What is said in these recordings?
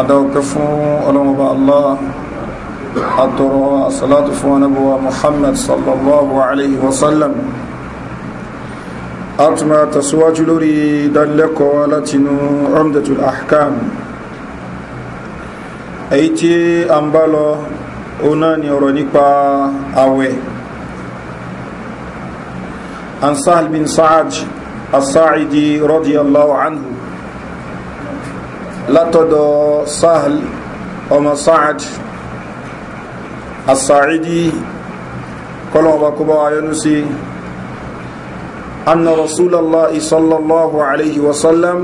adáwọ̀kẹ́ fún ọlọ́mọba allah àtọ̀rọ̀ asọ́látù fún anábọ̀wà muhammad sallallahu alayhi wa sallam a tún máa tẹ̀síwájú lórí ìdánilẹ́kọ̀ọ́ látinú umdatul ahkam èyí tí a ń bá lọ ó náà ni ọ̀rọ̀ nípa àwẹ̀ an bin sa'ad as radiyallahu anhu látọ̀dọ̀ sahal ọmọ sa'ad asa'idi kọlọ̀ọba kọba ayọ́nu sí anna rasulallah sallallahu alaihi wasallam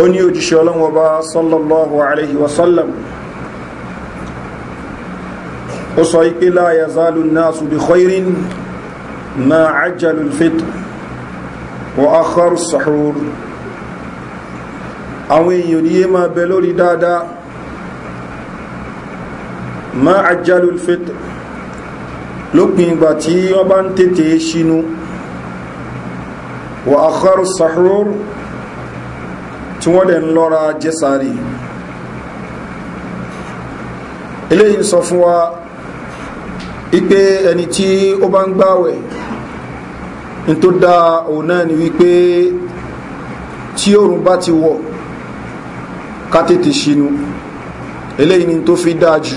ó ní òjíṣẹ́ ọlọ́wọ́ba sallallahu alaihi wasallam ó sọ ipé láyà zálù náà sùbí khoirin ma ajjalul fit wa akhar sahur àwọn èèyàn ò ní yé máa bẹ lórí dáadáa ma àjálù fẹ́tẹ̀ lópin ìgbà tí wọ́n bá ń tètè ṣínú wà àkọrù sahur tí wọ́n dẹ̀ ń lọ́ra jẹ́sàárì eléyìn sọ fún wa ipé ẹni tí ó bá ń gbáwẹ̀ ní tó dáa òun náà ni wípé tí òrùn bá ti wọ̀ ká tètè ṣinú eléyìí ni tó fi dáa jù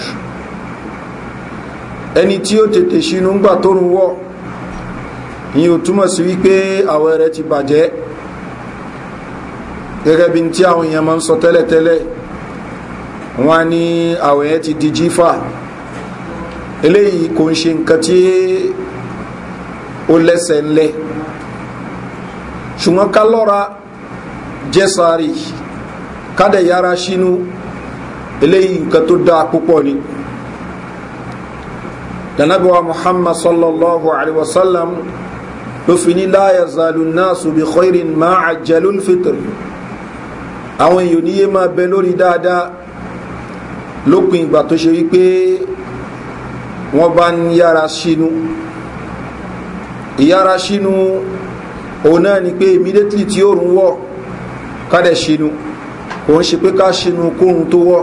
ẹni tí ó tètè ṣinú ń gbà tó rún wọ́ ìyí ò túmọ̀ sí wípé àwẹ̀ rẹ̀ ti bàjẹ́ gẹ́gẹ́ bí tí àwọn èèyàn máa ń sọ tẹ́lẹ̀tẹ́lẹ̀ wọ́n ní àwẹ̀ yẹn ti di jífà eléyìí kò ń ṣe nǹkan tí ó lẹ́sẹ̀ ńlẹ̀ ṣùgbọ́n ká lọ́ra jẹ́sàárì kádẹ̀ yára sínú eléyìí nǹkan tó dáa púpọ̀ ni danabiwa muhammad sallallahu alaihi wasallam ló fi ní láyà zalunna subi khairin ma ajalul fitr àwọn èèyàn níye máa bẹ lórí dáadáa lópin ìgbà tó ṣe wípé wọ́n bá ń yára sínú ìyára sínú òun náà ni pé immediately tí ó rún wọ̀ kádẹ̀ sínú kò ń ṣe pé ká ṣinú kóòrùn tó wọ́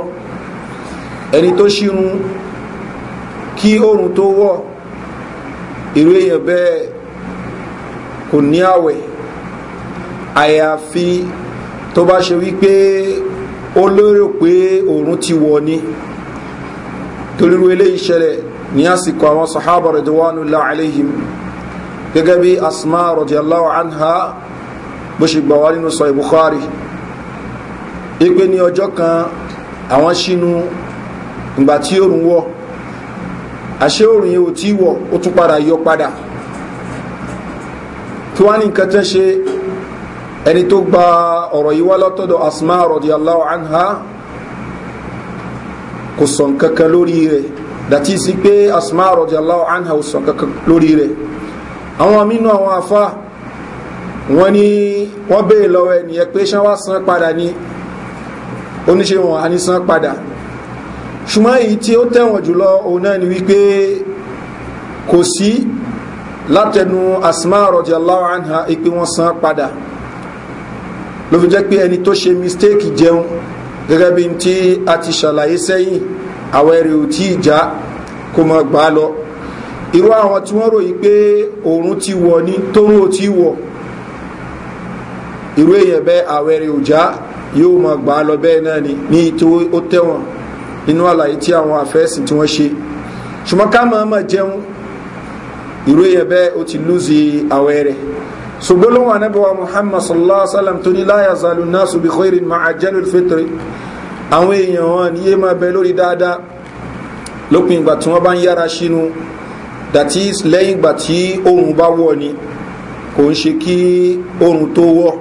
ẹni tó ṣinú kí oòrùn tó wọ́ irú èèyàn bẹ́ẹ̀ kò ní àwẹ̀ àyàfi tó bá ṣe wípé ó lérò pé oòrùn ti wọ̀ ni toríru eléyìí ṣẹlẹ̀ ní àsìkò àwọn sahaba rẹ̀dọ̀wánu láàlẹ́yìn gẹ́gẹ́ bí asma rọ̀díyàláwà anha bó ṣe gbà wá nínú sọ ìbùkhari ipe n'i ọjọ́ kan àwọn sínú ìgbà tí òrùn wọ̀ àṣé òrùn yìí ò tí wọ̀ ó tún padà yọ padà kí wọ́n ní nǹkan tẹ́ ṣe ẹni tó gba ọ̀rọ̀ yìí wá lọ́tọ́dọ̀ asma rọ̀díyàláwọ̀ anha kò sọ nǹkan lórí rẹ̀ dàtí sí pé asma rọ̀díyàláwọ̀ anha ò sọ nǹkan lórí rẹ̀ àwọn mínú àwọn afá wọ́n ní wọ́n béèrè lọ́wọ́ ẹ̀ nìyẹn pé ṣáwá san padà ní oníṣe wọn a ní san padà ṣùgbọ́n èyí tí ó tẹ̀wọ̀n jùlọ òun náà ni wípé kò sí látẹnu asma radiyallahu anha ipe wọn san padà ló fi jẹ́ pé ẹni tó ṣe mistake jẹun gẹ́gẹ́ bí n tí a ti ṣàlàyé sẹ́yìn àwọn ẹ̀rẹ̀ ò tí ì já kó mọ̀ gbá lọ irú àwọn tí wọ́n ròyìn pé òòrùn ti wọ̀ ní tóun ò tí wọ̀ irú èèyàn bẹ́ẹ̀ àwọn ẹ̀rẹ̀ ò já yóò máa gbà á lọ bẹ́ẹ̀ náà ni ní tí ó tẹ̀wọ̀n nínú àlàyé tí àwọn àfẹ́sìn tí wọ́n ṣe ṣùgbọ́n ká máa máa jẹun ìró yẹn bẹ́ẹ̀ ó ti lùzì àwẹ̀ rẹ̀ ṣùgbọ́n lóhùn anábẹ́wà muhammad sallallahu alayhi wa sallam tó ní láyà zalu náà ṣùgbọ́n ìkọ́yìrì máa àjẹlù fẹ́tẹ̀rẹ̀ àwọn èèyàn wọn ni yé máa bẹ lórí dáadáa lópin ìgbà tí wọ́n bá ń yára sínú that is lẹ́yìn ìgbà tí oòrùn bá wọ̀ ni kò ń ṣe kí oòrùn tó wọ̀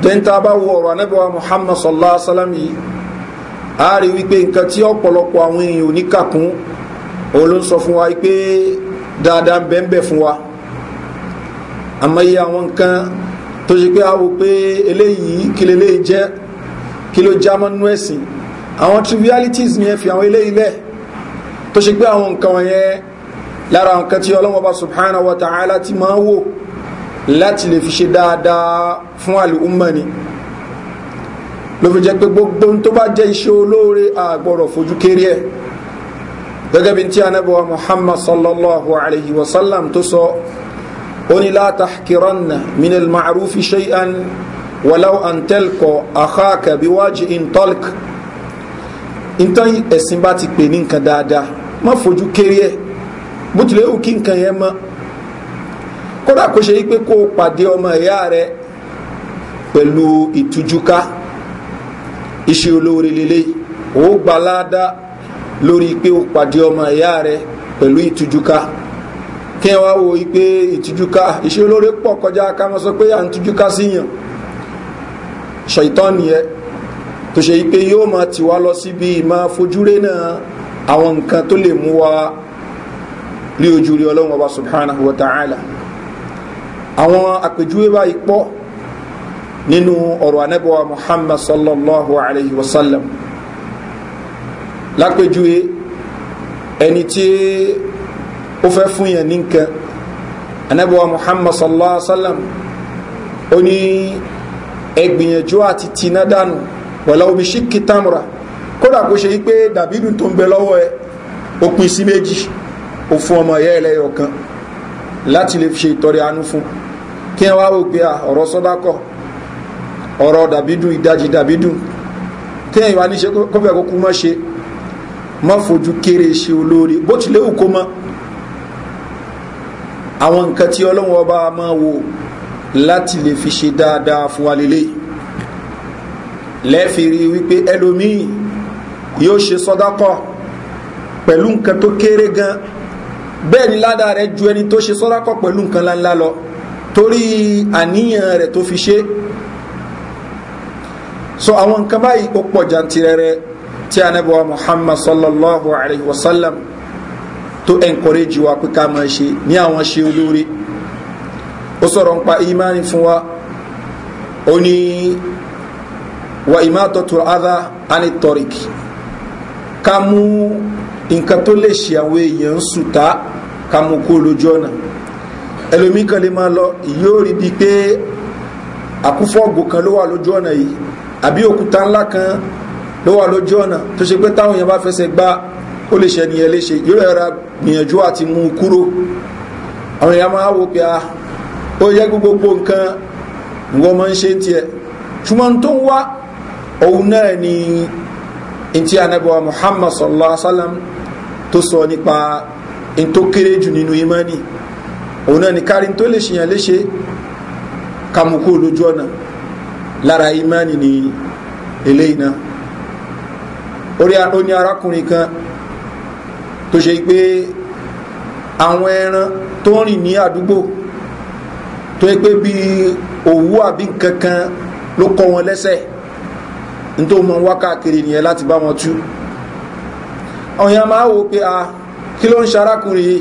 Dentaba bá wo muhammad sallallahu alaihi wasallam yìí a rí wípé nǹkan tí ọ̀pọ̀lọpọ̀ àwọn èèyàn oníkàkún òun ló ń sọ fún wa pé dáadáa bẹ́ẹ̀ fún wa àmọ́ iye àwọn nǹkan tó ṣe pé a wò pé eléyìí kí leléyìí jẹ́ kí ló já àwọn trivialities yẹn fi àwọn eléyìí lẹ̀ tó ṣe pé àwọn nǹkan wọ̀nyẹn lára nǹkan tí ọlọ́wọ́ bá subhanahu wa ta'ala ti máa wò láti lè fi ṣe dáadáa fún àlùmọ́ ni ló fi jẹ́ pé gbogbo tó bá jẹ́ iṣẹ́ olóore àgbọ̀rọ̀ fojú kéré ẹ̀ gẹ́gẹ́ bí tí anábọ̀wá muhammad sallallahu alayhi wa sallam tó sọ ó ní láta kìrọ́nà minel ma'arufi shay'an walau an telko akhaka bi waji in tolk ìtàn ẹ̀sìn bá ti pè ní nǹkan dáadáa má fojú kéré ẹ̀ bó tilẹ̀ ó kí nǹkan yẹn mọ́ kódà kó ṣe wípé kó pàdé ọmọ ìyá rẹ pẹ̀lú ìtújúká iṣẹ́ olóore lélẹ̀ ó gbalada lórí pé ó pàdé ọmọ ìyá rẹ pẹ̀lú ìtújúká kí wọ́n wo wípé ìtújúká iṣẹ́ olóore pọ̀ kọjá ká sọ pé à ń tújúká síyàn ṣàìtàn nìyẹn tó ṣe wípé yóò máa tì lọ síbi ìmọ̀ fojúré náà àwọn nǹkan tó lè mú wa rí ojú rí ọlọ́run ọba subhanahu wa ta'ala àwọn àpèjúwe báyìí pọ̀ nínú ọ̀rọ̀ anábọ̀wá muhammad sallallahu alayhi wa sallam lápèjúwe ẹni tí ó fẹ́ fún yẹn ní nǹkan anábọ̀wá muhammad sallallahu alayhi wa sallam ó ní ẹgbìyànjú àti tìǹà dànù wọ̀lá omi ṣíkì tamura kódà kó ṣe wípé dàbídùn tó ń bẹ lọ́wọ́ ẹ ó sí méjì ó fún ọmọ ẹ̀yà ẹlẹ́yọ̀ kan láti lè ṣe ìtọ́rẹ àánú fún un kí wọ́n wá wò pé ọ̀rọ̀ sọ́dákọ̀ ọ̀rọ̀ dàbídùn ìdajì dàbídùn kí wọ́n wá ní ṣe kọ́fẹ́ kókú mọ́ ṣe mọ́ fojú kéré ṣe olóore bó tilẹ̀ wù kó mọ́ àwọn nǹkan tí ọlọ́wọ́n ọba máa wò láti lè fi ṣe dáadáa fún wa lélẹ́yìí lẹ́fìrí wípé ẹlòmíì yóò ṣe sọ́dákọ̀ pẹ̀lú nǹkan tó kéré gan bẹ́ẹ̀ ni ládàá rẹ̀ ju ẹni tó ṣe sọ́dákọ̀ pẹ̀lú nǹkan láńlá lọ torí àníyàn rẹ̀ tó fi ṣe so àwọn nǹkan báyìí ó pọ̀ jantirẹrẹ tí anabiwa muhammad sallallahu alayhi wa sallam tó encourage wa pé ká máa ṣe ní àwọn ṣe olóore ó sọ̀rọ̀ ń pa imani fún wa ó ní wa imatatu adha ani torik ká mú nǹkan tó lè ṣe àwọn èèyàn ń sùta ká mú kó lójú ọ̀nà ẹlòmí kan lè máa lọ yóò rí bíi pé àkúfọ́ọ̀gù kan ló wà lójú ọ̀nà yìí àbí òkúta ńlá kan ló wà lójú ọ̀nà tó ṣe pé táwọn èèyàn bá fẹsẹ̀ gbá ó lè ṣe nìyẹn léṣe yóò rẹra gbìyànjú àti mú un kúrò àwọn èèyàn máa wò pé a ó yẹ gbogbo nǹkan nǹkan máa ń ṣe ń tiẹ̀ ṣùgbọ́n tó ń wá òun náà ni ntí anabiwa muhammad sallallahu alaihi wa sallam tó sọ nípa ntó kéré jù nínú imani òun náà ni kárí tó lè ṣèyàn léṣe kàmùkú lójú ọ̀nà lára imani ni eléyìí náà orí ó ní arákùnrin kan tó ṣe pé àwọn ẹran tó rìn ní àdúgbò tó yẹ pé bí òwú àbí nǹkan kan ló kọ wọn lẹ́sẹ̀ nítorí mọ wákàkiri nìyẹn láti bá wọn tú ọ̀yàn máa wò pé a kí ló ń ṣe arákùnrin yìí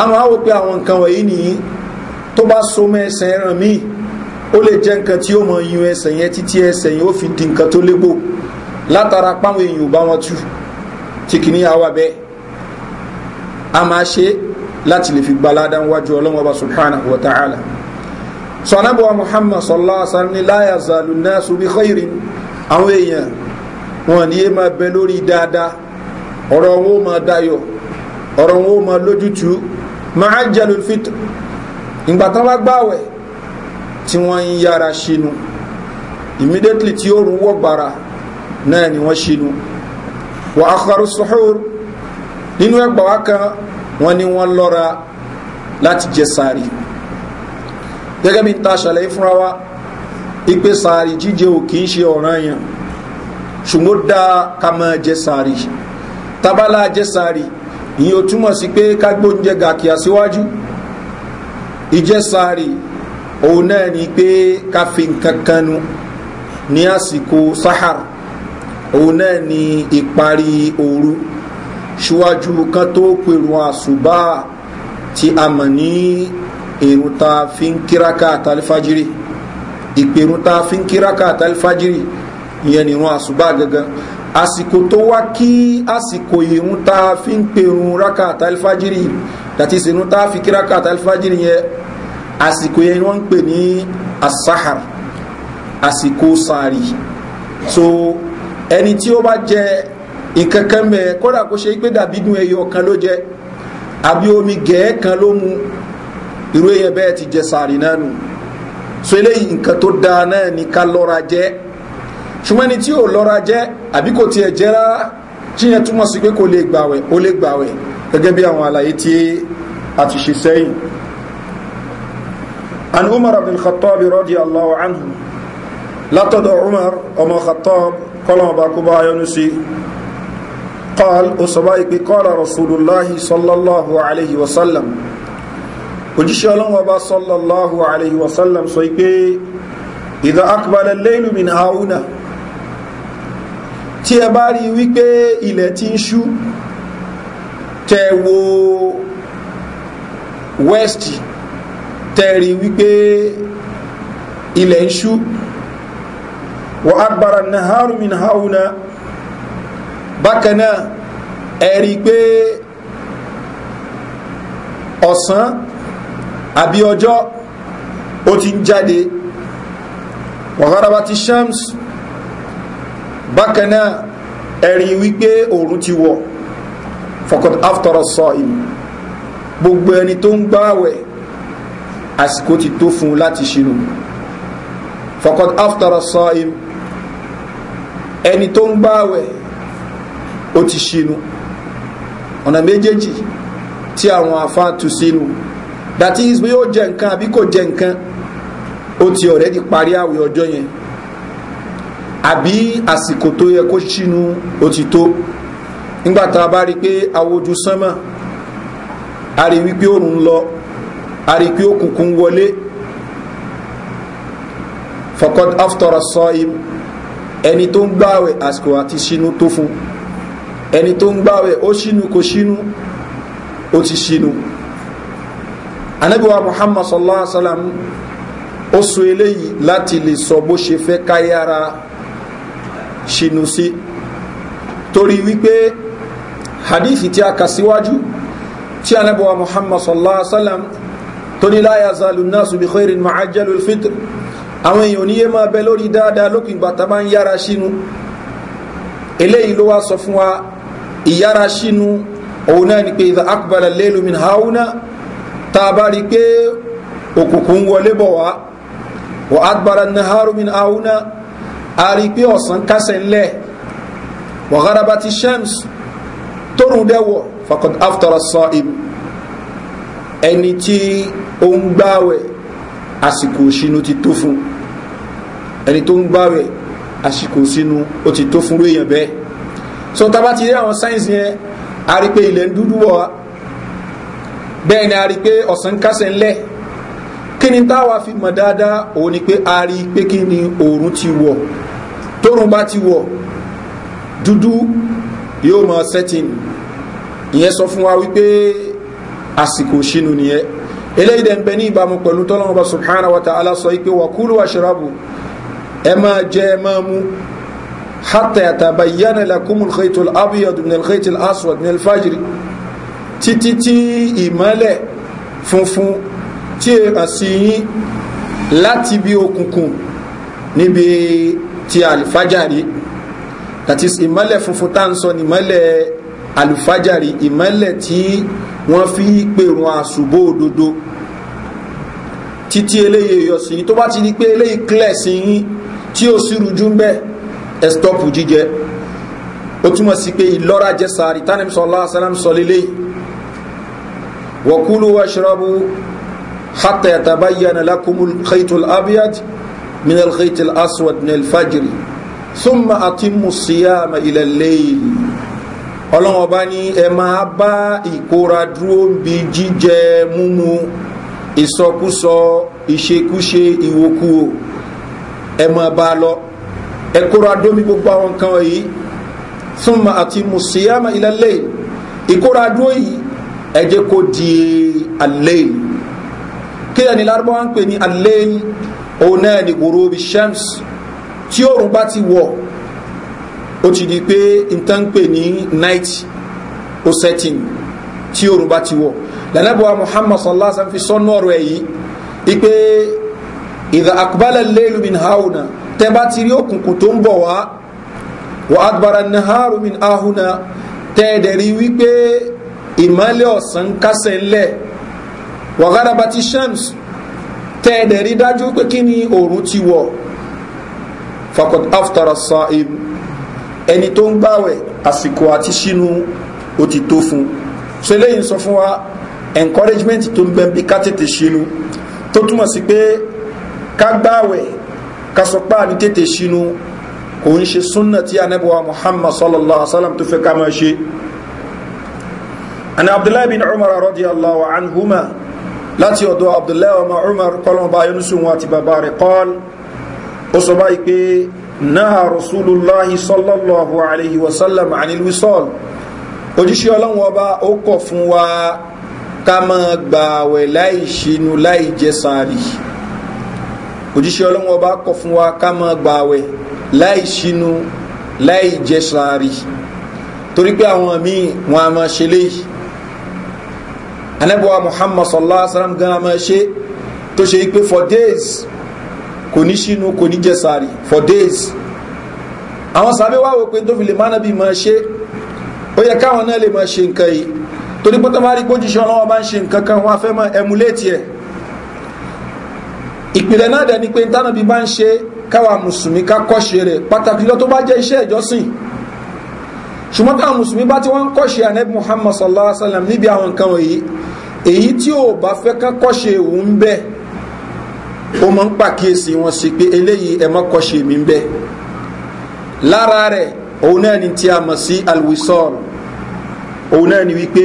àwọn àwò pé àwọn nǹkan wọ̀nyí nìyí tó bá so mọ́ ẹsẹ̀ ẹran míì ó lè jẹ́ nǹkan tí ó mọ iyun ẹsẹ̀ yẹn títí ẹsẹ̀ yẹn ó fi di nǹkan tó légbò látara páwọn èèyàn ò bá wọn tú tí kìíní àwa bẹ́ẹ̀ a máa ṣe láti lè fi gbalada wájú ọlọ́wọ́ bá subhanahu wa ta'ala sọ̀nàbọ̀wá muhammad sallallahu alaihi wa sallam ni láyà zàlù náà subi khairin àwọn èèyàn wọn ni yé máa bẹ lórí dáadáa ọ̀rọ̀ wọn ó máa dayọ̀ ọ̀rọ̀ wọn ó máa lójútùú ma'ajjalul fitr ìgbà tán bá gbàwẹ̀ tí wọ́n ń yára ṣínú immediately tí ó rún wọ́ gbára náà ni wọ́n ṣínú wa akharu suhur nínú ẹgbà wá kan wọ́n ní wọ́n lọ́ra láti jẹ sàárì gẹ́gẹ́ bí ta ṣàlẹ̀ fúnra wa ipe sàárì jíjẹ ò kìí ṣe ọ̀ranyàn ṣùgbọ́n dáa ká máa jẹ sàárì tabala jẹ sàárì ìyẹn ò túmọ̀ sí pé ká gbóúnjẹ gàkìá síwájú ìjẹsàárì òun náà ni pé ká fi nǹkan kanu ní àsìkò sahara òun náà ni ìparí òru ṣíwájú kan tó pèrò àṣùbà tí a mọ̀ ní èrò ta fi ń kíráka àtàlífàjírí ìpèrò ta fi ń kíráka àtàlífàjírí ìyẹn nìran àṣùbà gangan àsìkò tó wá kí àsìkò ìrún ta fi ń pe irun rákà àtàlífájírì dàtí ìsìnrún ta fi kí rákà àtàlífájírì yẹn àsìkò yẹn wọ́n ń pè ní asahar àsìkò sàárì so ẹni tí ó bá jẹ ìkankan mẹ kódà kó ṣe pé dàbí dùn ẹyọ kan ló jẹ àbí omi gẹ̀ẹ́ kan ló mu irú èèyàn bẹ́ẹ̀ ti jẹ sàárì náà nù so eléyìí nǹkan tó dáa náà ni ká lọ́ra jẹ́ ṣùgbọ́n ẹni tí ò lọ́ra jẹ́ àbí kò tiẹ̀ jẹ́ rárá tíyẹn túmọ̀ sí pé kò lè gbàwẹ̀ ó lè gbàwẹ̀ gẹ́gẹ́ bí àwọn àlàyé tí a ti ṣe sẹ́yìn an umar abdul khattab rọ́dí allahu anhu látọ̀dọ̀ umar ọmọ khattab kọlọ̀n ọba kó bá yọnu sí qal ó sọ báyìí pé kọ́ra rasulullahi sallallahu alayhi wa sallam ọlọ́wọ́ bá sallallahu alayhi wa sọ pé ìdá akbalẹ̀ lẹ́nu min hauna tí ẹ bá rí wípé ilẹ̀ ti ń ṣú tẹ wo west tẹ rí wípé ilẹ̀ ń ṣú wa agbára naharu min hauna bákanáà ẹ rí pé ọ̀sán àbí ọjọ́ ó ti ń jáde wàhárabá ti shams bákan náà ẹ̀rí wípé òòrùn ti wọ̀ faqad aftara as-sa'im gbogbo ẹni tó ń gbààwẹ̀ àsìkò ti tó fún láti ṣinú faqad aftara as-sa'im ẹni tó ń gbààwẹ̀ ó ti ṣinú ọ̀nà méjèèjì tí àwọn afá tu sínú that is bí ó jẹ nǹkan àbí kò jẹ nǹkan ó ti already parí àwẹ̀ ọjọ́ yẹn àbí àsìkò tó yẹ kó ṣínú ó ti tó nígbàtà bá rí pé awojú sánmà a rí wípé òrùn lọ a rí pé òkùnkùn wọlé fọkọt aftọrọ sọ im ẹni tó ń gbàwẹ̀ àsìkò àti ṣínú tó fún ẹni tó ń gbàwẹ̀ ó ṣínú kò ṣínú ó ti ṣínú anabiwa muhammad sallallahu alaihi wasallam ó so eléyìí láti lè sọ bó ṣe fẹ́ káyára ṣìnú sí torí wípé hadithi tí a kà síwájú tí a nábọ̀wà muhammad sallallahu alaihi wasallam tó ní láyà zalu nasu bi khairin ma'ajjalu alfitr àwọn èèyàn oníyé máa bẹ lórí dáadáa lókùn ìgbà tá bá ń yára ṣínú eléyìí ló wá sọ fún wa ìyára ṣínú òun náà ni pé ìdá akbala lailu min hauna tá bá rí pé òkùnkùn wọlé bọ̀ wá wa adbara naharu min hauna a rí pé ọ̀sán kásẹ̀ ńlẹ̀ wa gharabati shams tóòrùn dẹ́wọ̀ faqad aftara as-sa'im ẹni tí ó ń gbáwẹ̀ àsìkò sínú ti tó fún ẹni tó ń gbáwẹ̀ àsìkò sínú ó ti tó fún èèyàn bẹ́ẹ̀ so tá ti rí àwọn sáyẹ́nsì yẹn a rí pé ilẹ̀ ń dúdú wọ̀ bẹ́ẹ̀ ni a rí pé ọ̀sán kásẹ̀ ńlẹ̀ kí ni táwa fi mọ̀ dáadáa òun ni pé a rí i pé kí ni òòrùn ti wọ̀ tóòrùn bá ti wọ̀ dúdú yóò mọ̀ sẹ́tìn ìyẹn sọ fún wa wípé àsìkò sínú nìyẹn eléyìí dẹ̀ ń bẹ ní ìbámu pẹ̀lú tọ́lọ́mọ bá subhanahu wa ta'ala sọ wípé wà kúlù wà ṣarabu ẹ máa jẹ ẹ máa mú hatta yatabayyana lakumul khaytul abyadu minal khaytil aswad minal fajri títí tí ìmọ́lẹ̀ funfun tí è hàn sí yín láti bí òkùnkùn níbi ti àlùfájàrí that is ìmọ́lẹ̀ funfun tá ń sọ ní ìmọ́lẹ̀ àlùfájàrí ìmọ́lẹ̀ tí wọ́n fi pèrún àṣùbò òdodo títí eléyìí yọ sí tó bá ti di pé eléyìí clear sí yín tí ó sì rújú ń bẹ́ ẹ stop jíjẹ ó túmọ̀ sí pé ìlọ́ra jẹ tánimsọ́lá sálám wọ́kúlù wọ́ṣọ́rọ́bù حتى يتبين لكم الخيط الأبيض من الخيط الأسود من الفجر ثم أتم الصيام إلى الليل ọlọ́run ọba ní ẹ máa bá ìkóra dúró ń bi jíjẹ múmu ìsọkúsọ ìṣekúṣe ìwòkuwò ẹ máa bá a lọ ẹ kóra dómi gbogbo àwọn nǹkan yìí súnmọ́ àti mùsíyàmà ìlàlẹ́ ìkóra dúró yìí ẹ jẹ́ kó di àlẹ́ kí ẹni lárúbáwá ń pè ní al-layl òun ni ghurubi shams tí òòrùn bá ti wọ̀ ó ti di pé nǹkan pè ní night ó setting tí òòrùn bá ti wọ̀ lànàbọ̀wá muhammad sallallahu alaihi wasallam fi sọ́nù ọ̀rọ̀ ẹ̀ yìí ipe idha aqbala al min hauna tẹ́ bá ti rí òkùnkùn tó ń bọ̀ wá wa adbara an-naharu min ahuna tẹ́ ẹ̀dẹ̀ rí wípé ìmọ́lẹ̀ ọ̀sán kásẹ̀ ńlẹ̀ wàgáraba ti shams tẹ́ ẹ̀dẹ̀ rí dájú pé kí ni òòrùn ti wọ̀ fakọt aftara sa'im ẹni tó ń gbàwẹ̀ àsìkò àti sínú ó ti tó fún so eléyìí sọ fún wa encouragement tó ń bẹ́ẹ̀ bí ká tètè sínú tó túmọ̀ sí pé ká gbàwẹ̀ ká sọ pé àní tètè sínú kò ń ṣe súnà tí anábọ̀wá muhammad sallallahu alaihi wa sallam tó fẹ́ ká máa ṣe. ana abdullahi bin umar radiyallahu anhuma láti ọ̀dọ̀ abdullahi ọmọ umar kọlọmọba ayọ́nusùn wọn àti bàbá rẹ̀ kọ́l ó sọ báyìí pé náà rasulullahi sallallahu alayhi wa sallam anilwisol ojúṣe ọlọ́run ọba ó kọ̀ fún wa ká máa gbà àwẹ̀ láì ṣinú láì jẹ sàárì ojúṣe ọlọ́run ọba kọ̀ fún torí pé àwọn míì wọn a máa ṣe léyìí anabiwa muhammad sallallahu alaihi wa sallam gan ama ṣe tó ṣe pé for days kò ní ṣínú kò ní jẹ for days àwọn sábẹ́ wá wo pé tó fi lè máa nàbí máa ṣe ó yẹ káwọn náà lè máa ṣe nǹkan yìí torí pé tó bá ọlọ́wọ́ bá ń ṣe nǹkan kan wọ́n á fẹ́ máa emulate ẹ̀ ìpìlẹ̀ náà dẹ̀ ni pé tánàbí bá ń ṣe káwa mùsùlùmí ká kọ́ṣe rẹ̀ pàtàkì lọ tó bá jẹ́ iṣẹ́ ìjọsìn ṣùgbọ́n táwọn mùsùlùmí bá tí wọ́n ń kọ́ṣe anabi muhammad sallallahu alaihi wa sallam níbi àwọn nǹkan wọ̀nyí èyí tí ò bá fẹ́ kán kọ́ṣe òun ń bẹ́ẹ̀ ó máa ń pàkíyèsí wọn sí pé eléyìí ẹ má kọ́ṣe mi ń bẹ́ẹ̀ lára rẹ̀ òun náà ni tí a mọ̀ sí alwisor òun náà ni wípé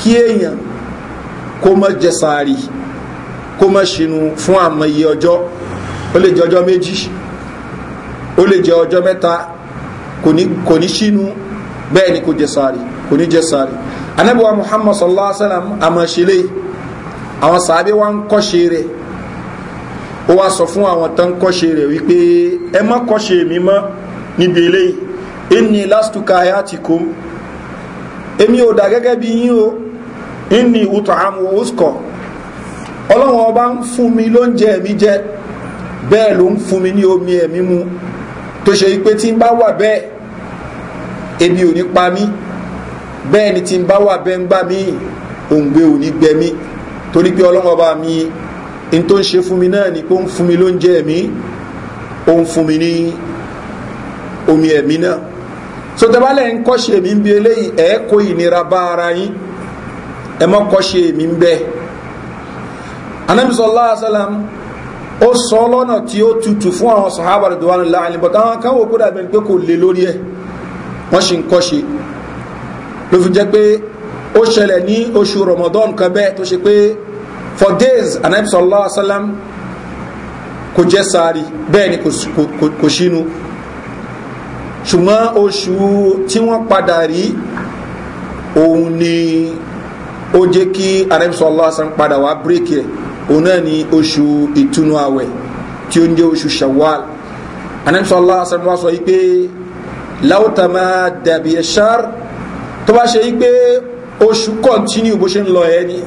kí èèyàn kó má jẹ sàárì kó má ṣinú fún àmọye ọjọ́ ó lè jẹ ọjọ́ méjì ó lè jẹ ọjọ́ mẹ́ta kò ní ṣínú bẹ́ẹ̀ ni kò jẹ sáré kò ní jẹ sáré anabiwa muhammad sallallahu alaihi wa sallam amashile àwọn sàábé wa ń kọ́ṣe rẹ̀ ó wá sọ fún àwọn tán kọ́ṣe rẹ̀ wípé ẹ má kọ́ṣe mi mọ́ níbi eléyìí inni lastuka hayatikum èmi ò dà gẹ́gẹ́ bí yín o inni ut'amu usko ọlọ́wọ́n ọba ń fún mi lóúnjẹ mi jẹ bẹ́ẹ̀ ló ń fún mi ní omi ẹ̀mí mu tó ṣe wípé tí n bá wà bẹ́ẹ̀ ebi ò ní pa mí bẹ́ẹ̀ ni tí n bá wà bẹ́ẹ̀ ń gbà mí òǹgbẹ ò ní gbẹ mí torí pé ọlọ́wọ́ bá mi n tó ń ṣe fún mi náà ni pé ń fún mi lóúnjẹ mi ó ń fún mi ní omi ẹ̀mí náà sotabalẹ̀ ń kọ́ṣe mi ń bi eléyìí ẹ̀ kó ìnira bá ara yín ẹ̀ mọ́ kọ́ṣe mi ń bẹ́ẹ̀ anamisọ́lá asálàmù ó sọ lọ́nà tí ó tutù fún àwọn sàhábà rẹ̀ dùwánù láàrin bọ̀tá àwọn kan wò kódà bẹ́ẹ̀ pé kò lè lórí ẹ̀ wọ́n sì ń kọ́ṣe ló fi jẹ́ pé ó ṣẹlẹ̀ ní oṣù Ramadan kan bẹ́ẹ̀ tó ṣe pé for days anabi sallallahu alaihi wasallam kò jẹ́ sáàrí bẹ́ẹ̀ ni kò sínú ṣùgbọ́n oṣù tí wọ́n padà rí òun ni ó jẹ́ kí anabi sallallahu alaihi wasallam padà wá bírèkì ẹ̀ òun náà ni oṣù ìtúnu àwẹ̀ tí ó ń jẹ́ oṣù shawwal anamsọ́lá asọ́nùwá sọ wípé láwùtàmá dàbí ẹ̀ṣár tó bá ṣe wípé oṣù kọ́ntínú bó ṣe ń lọ ẹ̀ ni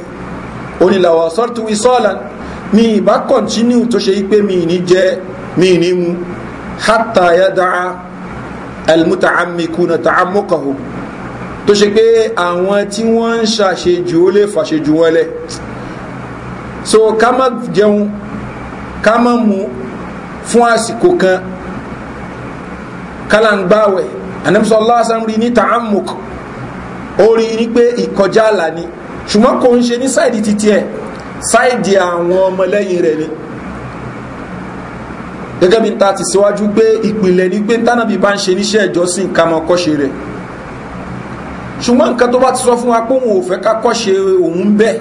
onílàwọ̀ sọ́ọ̀tù ìsọ́ọ̀lá mi ìbá kọ́ntínú tó ṣe wípé mi ní jẹ mi ní mu hátà yàdá almutaamikuna ta'amukahu tó ṣe pé àwọn tí wọ́n ń ṣàṣejù ó lè fàṣejù wọlé so ká má jẹun ká má mu fún àsìkò kan kálángbáwẹ̀ anamsọ lásán rí ní ta'amuk ó rí ní pé ìkọjá àlà ni ṣùgbọ́n kò ń ṣe ní sáìdì títí ẹ̀ sáìdì àwọn ọmọlẹ́yìn rẹ̀ ni gẹ́gẹ́ bí ta ti síwájú pé ìpìlẹ̀ ní pé tánàbí bá ń ṣe níṣẹ́ ìjọsìn kamọ́ kọ́ṣe rẹ̀ ṣùgbọ́n nǹkan tó bá ti sọ fún wa pé òun ò fẹ́ ká kọ́ṣe òun bẹ́ẹ̀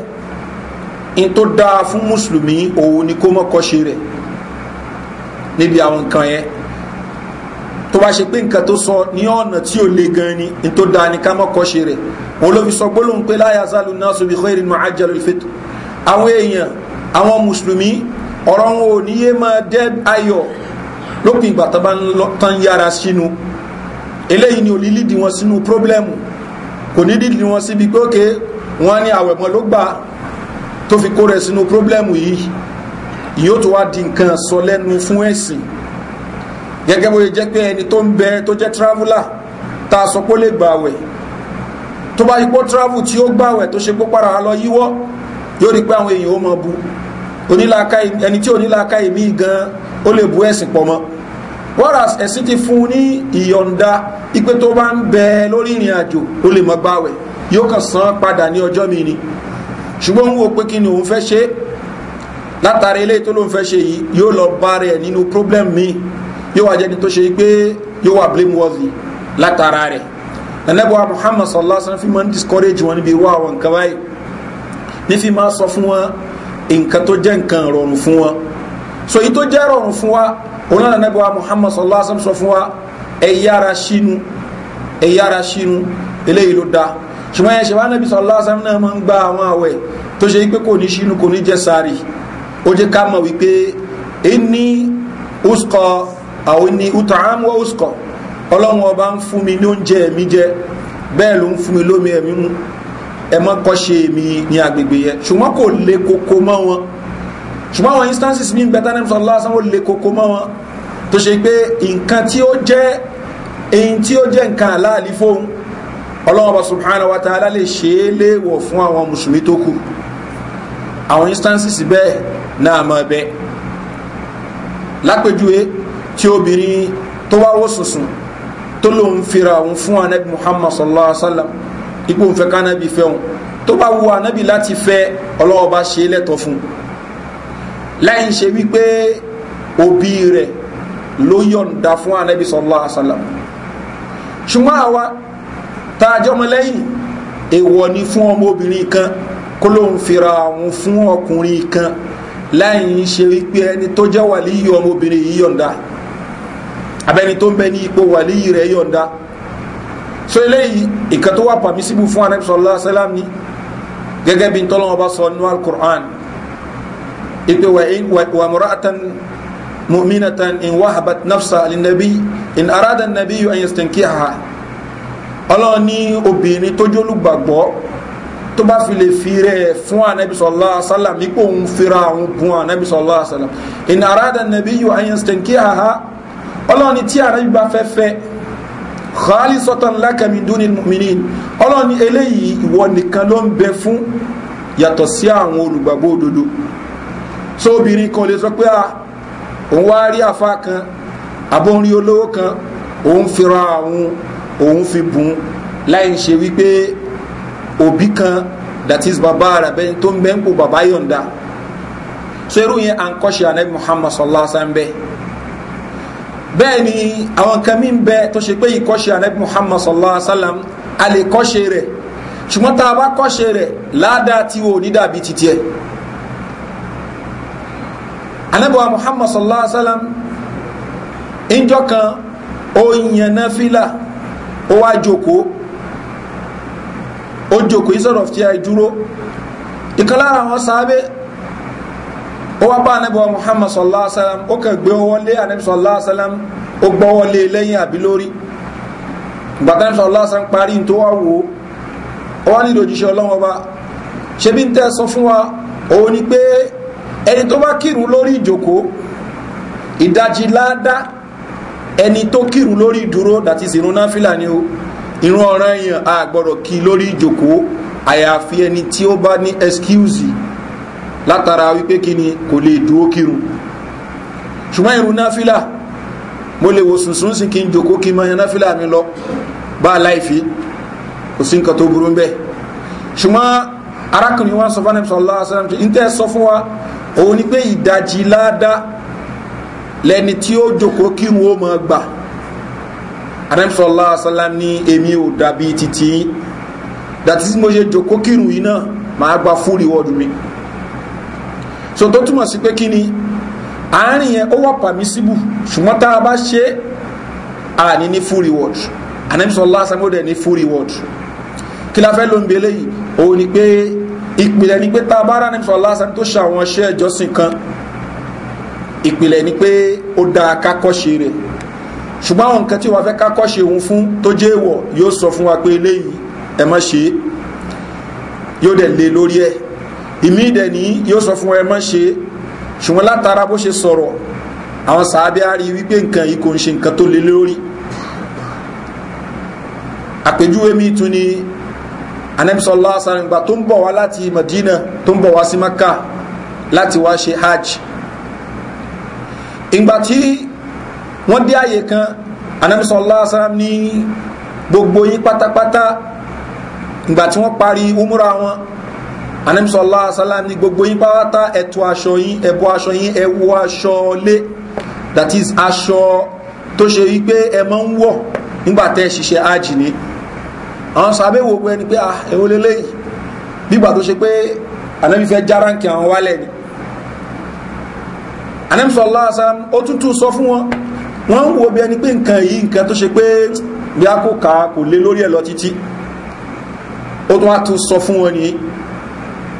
in tó dáa fún mùsùlùmí òun ni kó mọ́kọ́ ṣe rẹ̀ níbi àwọn nǹkan yẹn tó bá ṣe pé nǹkan tó sọ ní ọ̀nà tí ó le gan ni in tó dáa ni ká mọ́kọ́ ṣe rẹ̀ òun ló fi sọ gbólóhùn pé láyà sálù náà sobi kọ́ ìrìnnà àjẹlẹ̀ fẹ́tọ̀ àwọn èèyàn àwọn mùsùlùmí ọ̀rọ̀ wọn ò níye máa dẹ́ ayọ̀ lópin ìgbà tó bá ń yára sínú eléyìí ni ò ní lídìí wọn sínú pírọ́blẹ́mù kò ní lídìí wọn síbi pé ókè wọn ní àwẹ̀mọ́ ló gbà tó fi kó rẹ̀ sínú pírọ́blẹ́mù yìí yóò tó wá di nǹkan sọ lẹ́nu fún ẹ̀sìn gẹ́gẹ́ bó ṣe jẹ́ pé ẹni tó ń bẹ tó jẹ́ traveler tá sọ pé ó lè gbàwẹ̀ tó bá yípo travel tí ó gbàwẹ̀ tó ṣe pé para lọ yíwọ́ yóò rí pé àwọn èèyàn ó mọ bu ẹni tí onílàáká èmi gan ó lè bu ẹ̀sìn pọ̀ mọ́ whereas ẹ̀sìn ti fún un ní ìyọ̀ǹda ipe tó bá ń bẹ lórí ìrìn àjò ó lè mọ gbàwẹ̀ yóò kàn san padà ní ọjọ́ mi ni ṣùgbọ́n wo pé kí ni òun fẹ́ ṣe látàrí ilé tó lóun fẹ́ ṣe yìí yóò lọ bá rẹ̀ nínú problem mi yóò wà jẹ́ni tó ṣe pé yóò wà blameworthy látara rẹ̀ nanabuwa muhammad sallallahu alaihi wasallam fi máa ń discourage wọn níbi irú àwọn nǹkan báyìí ní fi máa sọ fún wọn nǹkan tó jẹ́ nǹkan rọrùn fún wọn so èyí tó jẹ́ rọrùn fún wa òun náà nanabuwa muhammad sallallahu alaihi wasallam sọ fún wa ẹ yára ṣínú ẹ yára ṣínú eléyìí ló dáa ṣùgbọ́n ẹ̀ṣẹ̀ wá nẹ́bí sọ̀rọ̀ lásán náà máa ń gba àwọn àwẹ̀ tó ṣe pé kò ní ṣínú kò ní jẹ́ sáré ó jẹ́ ká mọ̀ wípé ẹni uskọ àwọn ẹni utahamu uskọ ọlọ́run ọba ń fún mi ní oúnjẹ mi jẹ bẹ́ẹ̀ ló ń fún mi lómi ẹ̀mí mu ẹ mọ́ kọ́ ṣe mi ní agbègbè yẹn ṣùgbọ́n kò le koko mọ́ wọn ṣùgbọ́n àwọn instances mi ń gbẹ́tà nẹ́bí sọ̀rọ̀ lásán ó le koko mọ́ wọn tó ṣe pé nǹkan tí ó jẹ́ èyí tí ó jẹ́ nǹkan àláàlí fóun ọlọ́wọ́ba subhanahu wa ta'ala lè ṣe é léèwọ̀ fún àwọn mùsùlùmí tó kù àwọn instances bẹ́ẹ̀ náà mọ̀ bẹ́ẹ̀ lápèjúwe tí obìnrin tó wá wó sùnsùn tó lòun fira òun fún anabi muhammad sallallahu alaihi wa sallam ipò òun fẹ́ kánábì fẹ́ òun tó bá wu anabi láti fẹ́ ọlọ́wọ́ba ṣe é lẹ́tọ̀ fún un láì ṣe wípé òbí rẹ̀ ló yọ̀ǹda fún anabi sallallahu alaihi wa sallam ṣùgbọ́n àwa tá a jọmọ lẹ́yìn èèwọ̀ ni fún ọmọbìnrin kan kó lóun fira òun fún ọkùnrin kan láì ń ṣe wípé ẹni tó jẹ́ wàlíyí ọmọbìnrin yìí yọ̀ǹda abẹ́ni tó ń bẹ ní ipò wàlíyí rẹ̀ yọ̀ǹda so eléyìí ìkan tó wà pàmísìbù fún anabi sọlá sẹlám ni gẹ́gẹ́ bí tọ́lọ́wọ́ bá sọ nínú alukur'an ipe wà mura'atan mu'minatan in wahabat nafsa alinabi in arada nabi yu an yastankiha ọlọ́run ní obìnrin tó jólúgbàgbọ́ tó bá fi lè fi rẹ̀ fún anabi sọlá asálàm ipò òun fira àwọn bùn anabi sọlá asálàm ìnà àràdà nàbí yóò ayẹnsítẹ̀ kí àhá ọlọ́run tí anabi bá fẹ́ fẹ́ xaali sọtàn lákàmì dúnni mìíní ọlọ́run ní eléyìí ìwọ nìkan ló ń bẹ fún yàtọ̀ sí àwọn olùgbàgbọ́ òdodo so obìnrin kan lè sọ pé a ah, òun wá rí àfa kan àbórin olówó kan òun fira àwọn òun fi bùn láì ń ṣe wípé òbí kan that is bàbá rẹ̀ tó ń bẹ́ Baba kó bàbá yọ̀ǹda so irú yẹn à ń kọ́ anabi muhammad sallallahu alaihi wa sallam bẹ́ẹ̀ bẹ́ẹ̀ ni àwọn kan mí bẹ tó ṣe pé ìkọ́ṣe anabi muhammad sallallahu alaihi wa sallam a lè kọ́ṣe rẹ̀ ṣùgbọ́n tá a bá kọ́ṣe rẹ̀ ládàá tí o ní dàbí titi ẹ̀ anabiwa muhammad sallallahu alaihi wa sallam ìjọ kan ó yànnà fílà ó wá jòkó ó jòkó ìsọ̀rọ̀ fi àìdúró ìkan lára àwọn sáábé ó wá bá wa muhammad sallallahu alaihi wasallam ó kàn gbé ọwọ́ lé anábí sallallahu o ó gbọ́wọ́ lẹ́yìn àbí lórí gbàtà anábí sallallahu alaihi parí tó wá wò ó wá nílò òjíṣẹ́ ọlọ́wọ́ bá ṣe bí ń tẹ́ sọ fún wa òun ni pé ẹni tó bá kírun lórí ìdajì ládàá ẹni tó kírun lórí ìdúró dàti sínú náfìlà ni o ìrun ọ̀ràn yẹn a gbọ́dọ̀ kí lórí ìjòkó àyàfi ẹni tí ó bá ní ẹskíùsì látara wípé kí ni kò lè dúró kírun ṣùgbọ́n ìrun náfìlà mo lè wo sùnsùn sí kí n jòkó kí n máa yan náfìlà mi lọ bá a láìfi kò sí nǹkan tó burú bẹ́ẹ̀ ṣùgbọ́n arákùnrin wa sọ fún ẹni sọ lọ́wọ́ sọ fún wa òun ni pé ìdajì ládàá lẹ́ni tí ó jókòó kí wọ́n mọ̀ gbà anamsọ́lá asọ́lá ní èmi ò dàbí títí dàtí tí mo ṣe jókòó kírun yìí náà màá gba full reward mi so tó túmọ̀ sí pé kí ni àárín yẹn ó wà permissible ṣùgbọ́n tá a bá ṣe à ní ní full reward anamsọ́lá asamọ́dẹ̀ ní full reward kí la fẹ́ ló ń belé yìí òun ni pé ìpìlẹ̀ ni pé tá a bá rà anamsọ́lá asam tó ṣe àwọn iṣẹ́ ìjọsìn kan ìpìlẹ̀ ni pé ó dáa kákọ́ṣe rẹ̀ ṣùgbọ́n àwọn nǹkan tí wọ́n fẹ́ kákọ́ṣe òun fún tó jẹ́ èèwọ̀ yóò sọ fún wa pé eléyìí ẹ má ṣe yóò dẹ̀ lé lórí ẹ̀ ìmí ìdẹ̀ ní yóò sọ fún wa ẹ má ṣe ṣùgbọ́n látara bó ṣe sọ̀rọ̀ àwọn sàábẹ́ á wípé nǹkan yìí kò ń ṣe nǹkan tó lé lórí àpèjúwe mi tún ni anẹ́bísọ́lá sàrìngbà tó ń bọ̀ wá láti madina tó ń bọ̀ wá sí maka láti wá ṣe hajj ìgbà tí wọ́n dé àyè kan Ànábì sallallahu alaihi wasallam ní gbogbo yín pátápátá ìgbà tí wọ́n parí umura wọn Ànábì sallallahu alaihi wasallam ní gbogbo yín pátá ẹ tú aṣọ yín ẹ bọ́ aṣọ yín ẹ aṣọ lé that is aṣọ tó ṣe wípé ẹ máa ń wọ̀ nígbà tẹ́ ṣiṣẹ́ ájì ni àwọn sàbẹ̀ wo ẹni pé ah ẹ̀wọ́ lélẹ́yìn nígbà tó ṣe pé Ànábì fẹ́ járánkì àwọn wálẹ̀ ni anẹ́mùsọ̀ aláàsán ó tútù sọ fún wọn wọ́n ń wo bí ẹni pé nǹkan yìí nǹkan tó ṣe pé bí a kò ká kò lé lórí ẹ̀ lọ títí ó tún wá tún sọ fún wọn ni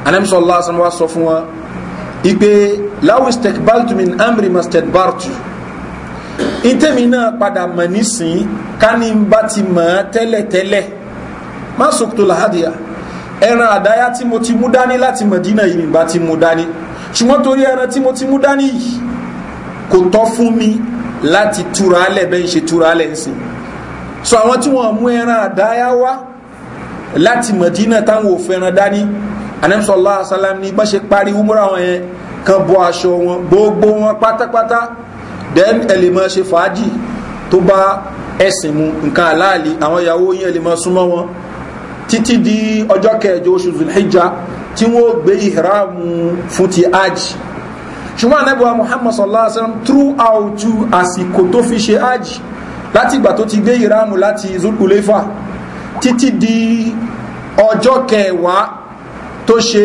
anẹ́mùsọ̀ wá sọ fún wọn ipe lawistek baltumin amri masted bartu ìtẹ́mi náà padà mọ̀ nísìn ká ní bá ti mọ̀ tẹ́lẹ̀tẹ́lẹ̀ má sòkòtò làhádìyà ẹran àdáyá tí mo ti mú dání láti mọ̀dínà yìí bá ti mú dání ṣùgbọ́n torí ẹran tí mo ti mú dání yìí kò tọ́ fún mi láti túra alẹ̀ bẹ́ẹ̀ ṣe túra alẹ̀ ń sìn so àwọn tí wọ́n mú ẹran àdáyá wá láti mọ̀dínà táwọn ò fẹ́ràn dání anamsọ́lá asálám ní bá ṣe parí umra wọn yẹn kan bọ́ aṣọ wọn gbogbo wọn pátápátá then ẹlẹ́mọ̀ ṣe fàájì tó bá ẹ̀sìn mu nǹkan aláàlì àwọn ìyàwó yẹn ẹlẹ́mọ̀ súnmọ́ wọn títí di ọjọ́ kẹjọ oṣù zulhijja tí wọ́n gbé ìhìrámù fún ti ajì ṣùgbọ́n anábíwá muhammad sallallahu alaihi wasallam throughout àsìkò tó fi ṣe ájì láti ìgbà tó ti dé ìrámù láti zulkulefa títí di ọjọ́ kẹwàá tó ṣe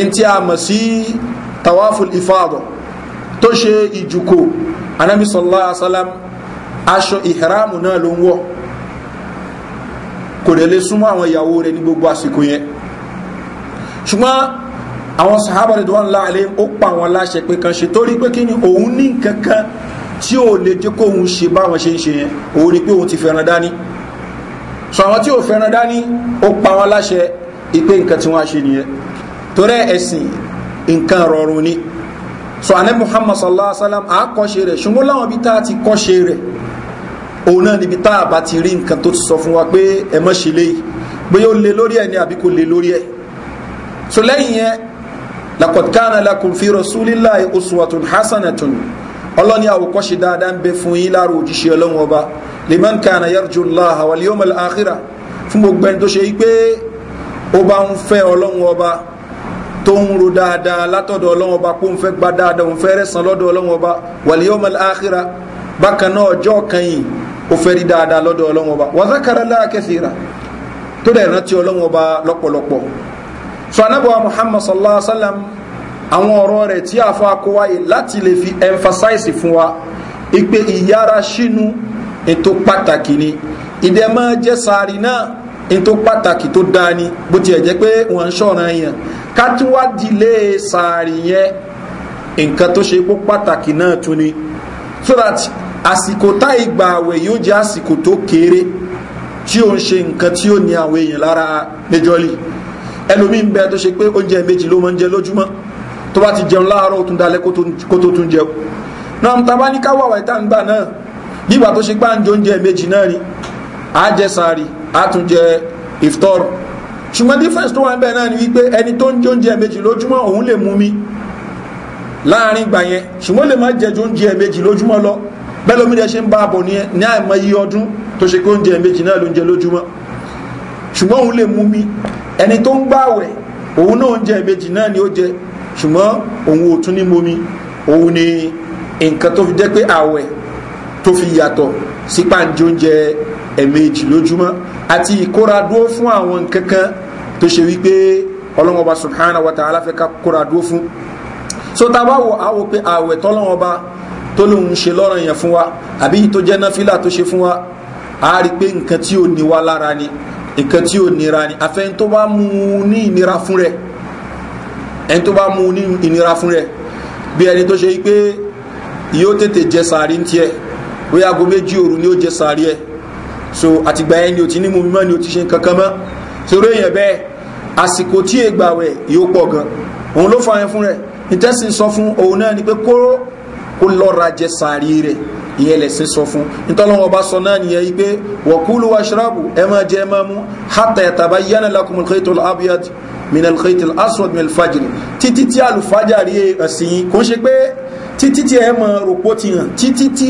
ẹntí àmọ̀ sí tawaful ifadọ̀ tó ṣe ìjùkò anábí sallallahu alaihi wasallam aṣọ ìhìrámù náà ló ń wọ̀ kò lè lè súnmọ́ àwọn ìyàwó rẹ̀ ní gbogbo àsìkò yẹn ṣùgbọ́n àwọn sahaba rẹ̀ tó wọ́n láàlẹ́ ó pa wọn láṣẹ pé kan ṣe torí pé kí ni òun ní nǹkan tí ò lè jẹ́ kó òun ṣe báwọn ṣe ń ṣe yẹn òun ni pé òun ti fẹ́ràn dání so àwọn tí ò fẹ́ràn dání ó pa wọn láṣẹ ìpé nǹkan tí wọ́n ṣe nìyẹn torí ẹ̀sìn nǹkan rọrùn ni so anabi muhammad sallallahu alaihi wa sallam a kọ́ṣe rẹ̀ ṣùgbọ́n láwọn ibi tá a ti kọ́ṣe rẹ̀ òun náà níbi tá a bá ti rí nǹkan tó ti sọ fún wa pé ẹ mọ́ ṣe léyìí bóyá ó le lórí ẹ̀ ni àbí kò le lórí ẹ̀ so lẹ́yìn yẹn laqad kana lakum fi rasulillahi uswatun hasanatun ọlọ́ni àwòkọ́ṣe dáadáa ń bẹ fún yín láàrú òjíṣẹ́ ọlọ́run ọba liman kana yarjullaha wal yawmal akhirah fún gbogbo ẹni tó ṣe yí pé ó bá ń fẹ́ ọlọ́run ọba tó ń ro dáadáa látọ̀dọ̀ ọlọ́run ọba kó ń fẹ́ gba dáadáa òun fẹ́ rẹ̀sán lọ́dọ̀ ọlọ́run ọba wal yawmal akhirah bákan náà ọjọ́ kan ó fẹ́ rí dáadáa lọ́dọ̀ ọlọ́run ọba wa dhakara Allaha tó dẹ̀ rántí ọlọ́run ọba lọ́pọ̀lọpọ̀ so anabuwa muhammad sallallahu alaihi wa sallam àwọn ọ̀rọ̀ rẹ̀ tí a fa kó wáyé láti lè fi emphasize fún wa ipe ìyára sínú ètò pàtàkì ni ìdẹ́mọ́ jẹ́ sáré náà ètò pàtàkì tó dáa ni bó tiẹ̀ jẹ́ pé wọ́n ń ṣọ̀ràn yẹn ká tún wá dilé sáré yẹn nǹkan tó ṣe kó pàtàkì náà tún ni so that àsìkò tá ìgbà àwẹ̀ yóò jẹ́ àsìkò tó kéré tí ó ń ṣe nǹkan tí ó ní àwọn èèyàn lára méjọ́lì ẹlòmí ń bẹ tó ṣe pé oúnjẹ méjì ló máa ń jẹ lójúmọ́ tó bá ti jẹun láàárọ̀ ó tún dalẹ́ kó tó tún jẹun náà ta bá ní káwà wà ìta nígbà náà nígbà tó ṣe páàjọ oúnjẹ méjì náà ni a jẹ sàárì a tún jẹ ìftọ́rù ṣùgbọ́n difference tó wà níbẹ̀ náà ni wípé ẹni tó ń jẹ oúnjẹ méjì lójúmọ́ òun lè mú mi láàrin ìgbà yẹn ṣùgbọ́n lè má jẹ oúnjẹ méjì lójúmọ́ lọ bẹ́ẹ̀ lómi rẹ̀ ṣe ń bá a bọ̀ ní àìmọye ọdún tó ṣe pé oúnjẹ méjì náà ló ń jẹ lójúmọ́ ṣùgbọ́n òun lè mú mi ẹni tó ń gbàwẹ̀ òun náà ń jẹ ìbejì náà ni ó jẹ ṣùgbọ́n òun ò tún ní momi òun ni nǹkan tó fi jẹ́ pé àwẹ̀ tó fi yàtọ̀ sí pàǹjẹ́ oúnjẹ ẹ̀mejì lójúmọ́ àti ìkóra dúró fún àwọn nǹkan kan tó ṣe wípé ọlọ́mọba subhanahu wa ta'ala fẹ́ ká kóra dúró fún so ta bá wọ àwọ̀ pé àwẹ̀ tọ́lọ́mọba tó lóun ṣe lọ́rọ̀ yẹn fún wa àbí tó jẹ́ náfìlà tó ṣe fún wa a rí pé nǹkan tí ò ní wa lára ni nǹkan tí ó nira ni àfẹ́ni tó bá mú un ní ìnira fún rẹ̀ ẹni tó bá mú un ní ìnira fún rẹ̀ bí ẹni tó ṣe yí pé yóò tètè jẹ sàárì ń tiẹ̀ bóyá aago méjì òru ni ó jẹ sàárì ẹ̀ so àtìgbà ẹni ò ti ní mu mímọ́ ni ò ti ṣe nǹkan kan mọ́ sórí èèyàn bẹ́ẹ̀ àsìkò tí ègbà rẹ̀ yóò pọ̀ gan òun ló fa yẹn fún rẹ̀ ìtẹ́sìn sọ fún òun náà ni pé kóró kó lọ́ra jẹ sàárì rẹ̀ ìyẹn lẹ̀sìn sọ fún nítọ́lọ́wọ́ bá sọ náà nìyẹn yìí pé wọ̀kúlù washrabu ẹ máa jẹ máa mú hatta yatabayyana lakumul khaytul abyad minal khaytil aswad minal fajr títí tí alùfájàrí ẹ̀sìn yìí kò ń ṣe pé títí tí ẹ mọ rògbò ti hàn títí tí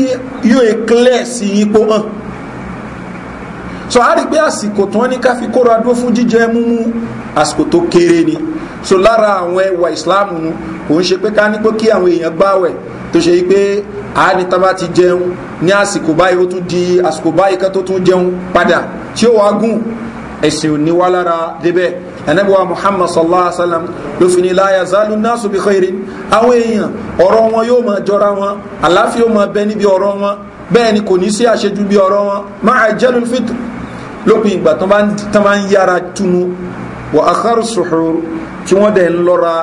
yóò kílẹ̀ sí yín pó hàn so a pé àsìkò tí wọ́n ní ká fi fún jíjẹ múmú àsìkò tó kéré ni so lára àwọn ẹwà ìsìláàmù nu kò ń ṣe pé ká ní pé kí àwọn èèyàn gbáwẹ̀ tó ṣe pé a ní tá bá ti jẹun ní àsìkò báyìí ó tún di àsìkò báyìí kan tó tún jẹun padà tí ó wá gùn ẹ̀sìn ò ní wá lára débẹ̀ ẹ̀nẹ́bùwà muhammad sallallahu alaihi wasallam ló fi ní láyà zálù náà sùn bí khairin àwọn èèyàn ọ̀rọ̀ wọn yóò máa jọra wọn àláfíà yóò máa bẹ níbi ọ̀rọ̀ wọn bẹ́ẹ̀ ni kò ní sí àṣejù bí ọ̀rọ̀ wọn máa jẹ́lu fitr lópin ìgbà tán bá ń yára tunu wà á kárù sùhùrù tí wọ́n dẹ̀ ń lọ́ra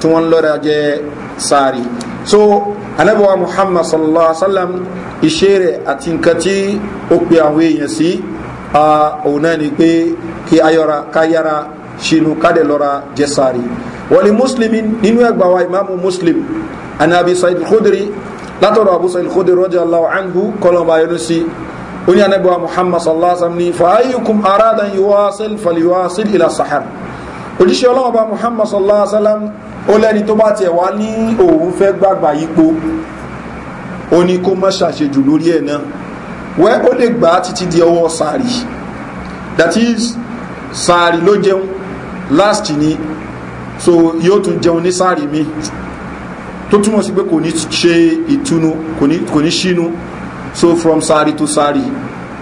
tí wọ́n ń lọ́ra jẹ́ sáàrí so anabiwa muhammad sallallahu alaihi wa sallam iṣẹ́ rẹ̀ àti nǹkan tí ó pe àwọn èèyàn sí òun náà ni pé kí ayọ̀ra káyára ṣinú kádẹ̀ lọ́ra jẹ́ sáàrí wọ́n ni muslim nínú ẹgbà wa imamu muslim anabi said khudri látọ̀rọ̀ abu said khudri rọ́jà allahu anhu kọlọmba yẹnu sí oní anabiwa muhammad sallallahu alaihi wa sallam ni fa ayyukum aradan yuwasil fal yuwasil ila sahar òjíṣẹ́ ọlọ́wọ́ muhammad sallallahu alaihi wasallam ó lẹ́ni tó bá tiẹ̀ wá ní òun fẹ́ gbàgbà yípo ó ní kó má ṣàṣejù lórí ẹ̀ náà wẹ́ ó lè gbà á títí di ọwọ́ sàárì that is sàárì ló jẹun last ni so yóò tún jẹun ní sàárì mi tó túmọ̀ sí pé kò ní ṣe ìtúnu kò ní ṣínú so from sàárì to sàárì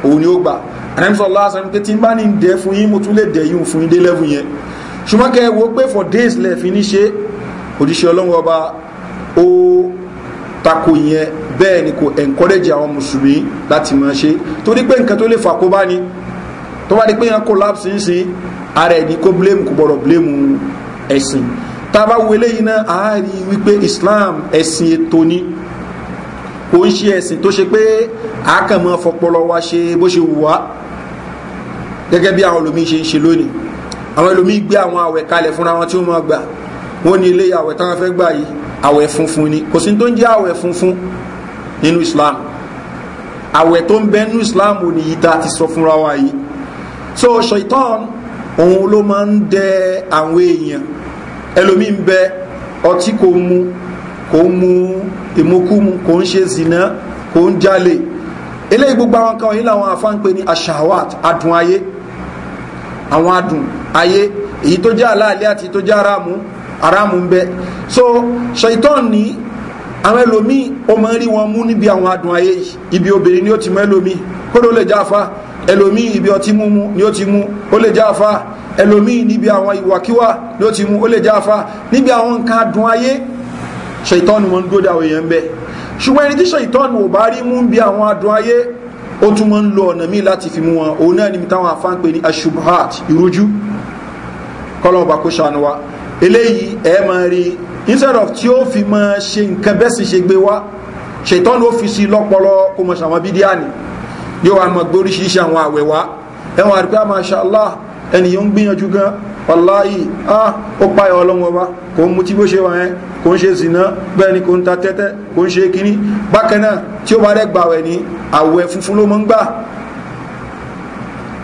òun ni ó gbà àrẹ́mísọ̀ lásán pé tí n bá ní dẹ́ fún yín mo tún lè dẹ́ yín fún yín dé lẹ́fún yẹn ṣùgbọ́n kẹ́ wo pé for days lẹ̀ fi ní ṣe òjíṣẹ́ ọlọ́run ọba ó tako yẹn bẹ́ẹ̀ ni kò encourage àwọn mùsùlùmí láti máa ṣe torí pé nǹkan tó lè fà kó bá ní tó bá di pé yẹn collapse ń sin ara ẹni kó blame kò gbọdọ̀ blame ẹ̀sìn tá a bá wo eléyìí náà a rí wípé Islam ẹ̀sìn ètò ni kò ń ṣe ẹ̀sìn tó ṣe pé a kàn máa fọpọlọ wa ṣe bó ṣe wù wá gẹ́gẹ́ bí àwọn olùmí ṣe ń ṣe lónìí àwọn ẹlòmíì gbé àwọn àwẹ̀ kalẹ̀ fúnra wọn tí wọ́n máa gbà wọ́n ní ilé àwẹ̀ táwọn fẹ́ gbà yìí àwẹ̀ funfun ni kò sí tó ń jẹ́ àwẹ̀ funfun nínú Islam àwẹ̀ tó ń bẹ nínú Islam ò ní yìí tá a ti sọ fúnra wa yìí so ṣaitan òun ló máa ń dẹ àwọn èèyàn ẹlòmíì bẹ ọtí kò mu kò mu ìmukúmu kò ń ṣe zina kò ń jalè eléyìí gbogbo àwọn kan yìí làwọn afáǹpẹ ní ashawat adùn ayé àwọn adùn ayé èyí tó jẹ́ aláàlẹ́ àti tó jẹ́ aráàmú aráàmú ń bẹ so ṣèitán ní àwọn ẹlòmíì ó máa ń rí wọn mú níbi àwọn adùn ayé ibi obìnrin ni ó ti mọ ẹlòmíì kódó lè jáfa ẹlòmíì ibi ọtí múmu ni ó ti mú ó lè jáfa ẹlòmíì níbi àwọn ìwàkíwà ni ó ti mú ó lè jáfa níbi àwọn nǹkan adùn ayé ṣèitán ni wọ́n ń dúró dáwọ̀ èèyàn ń bẹ ṣùgbọ́n ẹni tí ṣèitán ò bá rí mú bí àwọn adùn ayé ó tún máa ń lo ọ̀nà míì láti fi mú wọn òun náà ni táwọn afá ní ashubuhat ìrújú kọ́lọ́ kó ṣàánú eléyìí ẹ máa rí instead of tí ó fi máa ṣe nǹkan bẹ́sì ṣe gbé wá ṣètọ́nù ó fi sí lọ́pọlọ kó mọ̀ ṣàwọn bídíà yóò wá mọ̀ gbóríṣiríṣi àwọn àwẹ̀ wá ẹ̀wọ̀n àdúgbò àmàṣà ah, allah ẹnìyàn ń gbìyànjú gan wàláyì ah ó páyà ọlọ́wọ́ bá kò ń mutí bó ṣe wà yẹn kò ń ṣe zìnà bẹ́ẹ̀ ni kò ń ta tẹ́tẹ́ kò ń ṣe kíní bákan náà tí ó bá rẹ̀ gbà wẹ̀ ní àwẹ̀ funfun ló mọ́ ń gbà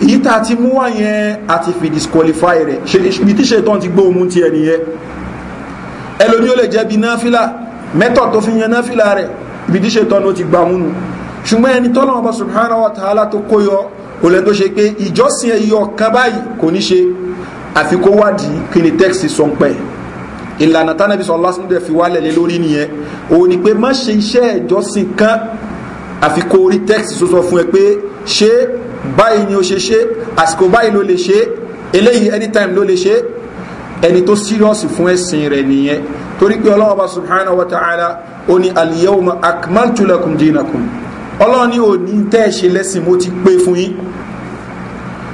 èyí tá a ti mú wá yẹn a ti fi disqualify rẹ̀ ibi tí ṣètọ́n ti gbó ohun ti ẹ̀ nìyẹn ẹlòmí ó lè jẹ́ bí náfìlà mẹ́tọ̀ tó fi yan náfìlà rẹ̀ ibi tí ṣètọ́n ló ti gbà múnu ṣùgbọ́n ẹni tọ́lọ́wọ́ bá subhanahu wa ta'ala tó kó yọ olè tó ṣe pé ìjọsìn ẹ̀yọ kan báyìí kò ní ṣe àfi kó wádìí kí ni tẹ́kìsì sọ ń pẹ́ ìlànà tánàbí sọ lásán dẹ̀ fi wálẹ̀ lé lórí nìyẹn òun ni pé má ṣe iṣẹ́ ìjọsìn kan àfi kó orí tẹ́kìsì tó sọ fún ẹ pé ṣé báyìí ni o ṣe ṣe àsìkò báyìí ló lè ṣe eléyìí anytime ló lè ṣe ẹni tó sírọ́ọ̀sì fún ẹ̀sìn rẹ̀ nìyẹn torí pé ọlọ́wọ́ bá subhanahu wa ta'ala ó ní al akmal akmaltu lakum dinakum ọlọ́run ní òní tẹ́ ẹ ṣe lẹ́sìn mo ti pé fún yín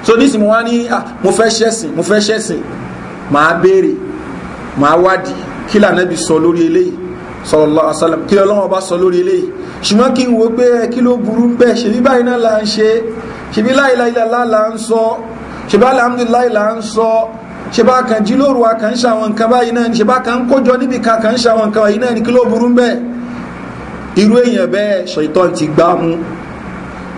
so ní ìsìnkú wọn ní mo fẹ́ ṣẹ̀sìn mo fẹ́ ṣẹ̀sìn màá béèrè màá wádìí kí lànàbí sọ lórí eléyìí sallallahu alaihi wasallam kí ọlọ́wọ́ bá sọ lórí eléyìí ṣùgbọ́n kí n wo pé eh, kí ló burú ń bẹ́ ṣèbí báyìí náà là ń ṣe ṣèbí láìláìlá là ń sọ ṣèbí alhamdulilayi là ń sọ ṣèbá kan jí lóru wa kan ń ṣàwọn nǹkan báyìí náà ni ṣèbá kan ń kójọ níbi kan kan ń ṣàwọn nǹkan báyìí náà ni kí ló burú ń bẹ́ irú èèyàn bẹ́ẹ̀ ṣètọ́ ti gbá mú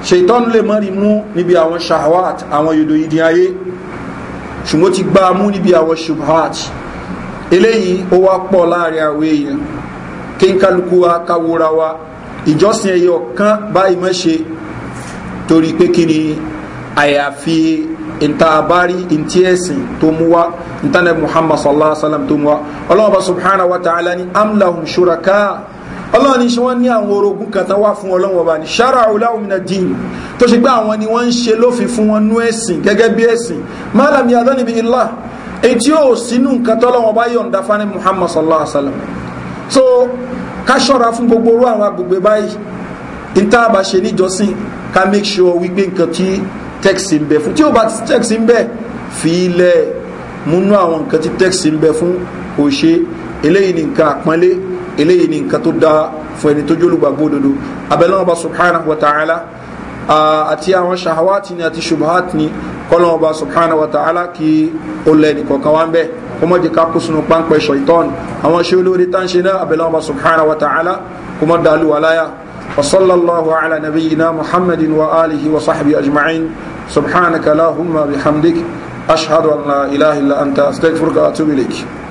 ṣètọ́nù lè mọ́rí mú níbi àwọn shahwat àwọn yòdò ìdí ayé ṣùgbọ́n ti gbá mú níbi àwọn shubhat eléyìí ó wá pọ̀ láàrin àwọn èèyàn kí n kálukú wa káwóra wa ìjọsìn ẹyọ kan báyìí mọ́ ṣe torí pé kí ni àyàfi ìtaàbárí ìntí ẹ̀sìn tó mú wá ìtànà muhammad sallallahu alaihi wa sallam tó mú wá ọlọ́wọ́ bá subhanahu wa ta'ala ni amlahum shuraka ọlọ́run ní ṣe wọ́n ní àwọn orogún kàtà wá fún ọlọ́run ọba ní ṣára ọláwọ̀mìnà dín tó ṣe pé àwọn ni wọ́n ń ṣe lófin fún wọn nú ẹ̀sìn gẹ́gẹ́ bí ẹ̀sìn málàmì adọ́nibi ilá èyí tí sínú nǹkan tọ́lọ́run muhammad sallallahu alaihi wa so ká ṣọ́ra fún gbogbo orú àwọn agbègbè báyìí níta bá ṣe níjọsìn ká make sure wípé nǹkan tí tẹ́kìsì ń bẹ fún tí ó bá ti tẹ́kìsì ń bẹ fi ilẹ̀ múnú eléyìí ni nǹkan tó dáa fún ẹni tó jólúgbàgbó dodo abẹ́lẹ́wọ̀n bá subhanahu wa ta'ala àti àwọn ṣahawati ni àti ṣubahat ni kọ́lọ́wọ̀n bá subhanahu wa ta'ala kí ó lẹ́ni kọ̀ọ̀kan wá ń bẹ́ẹ̀ kó jẹ́ ká kó sunu páńpẹ́ ṣọ̀ìtọ́n àwọn ṣe olórí tá ń ṣe náà abẹ́lẹ́wọ̀n bá subhanahu wa ta'ala kó mọ̀ dàlú wa láyà وصلى الله على نبينا محمد وآله وصحبه أجمعين سبحانك اللهم بحمدك أشهد أن لا إله إلا أنت أستغفرك وأتوب إليك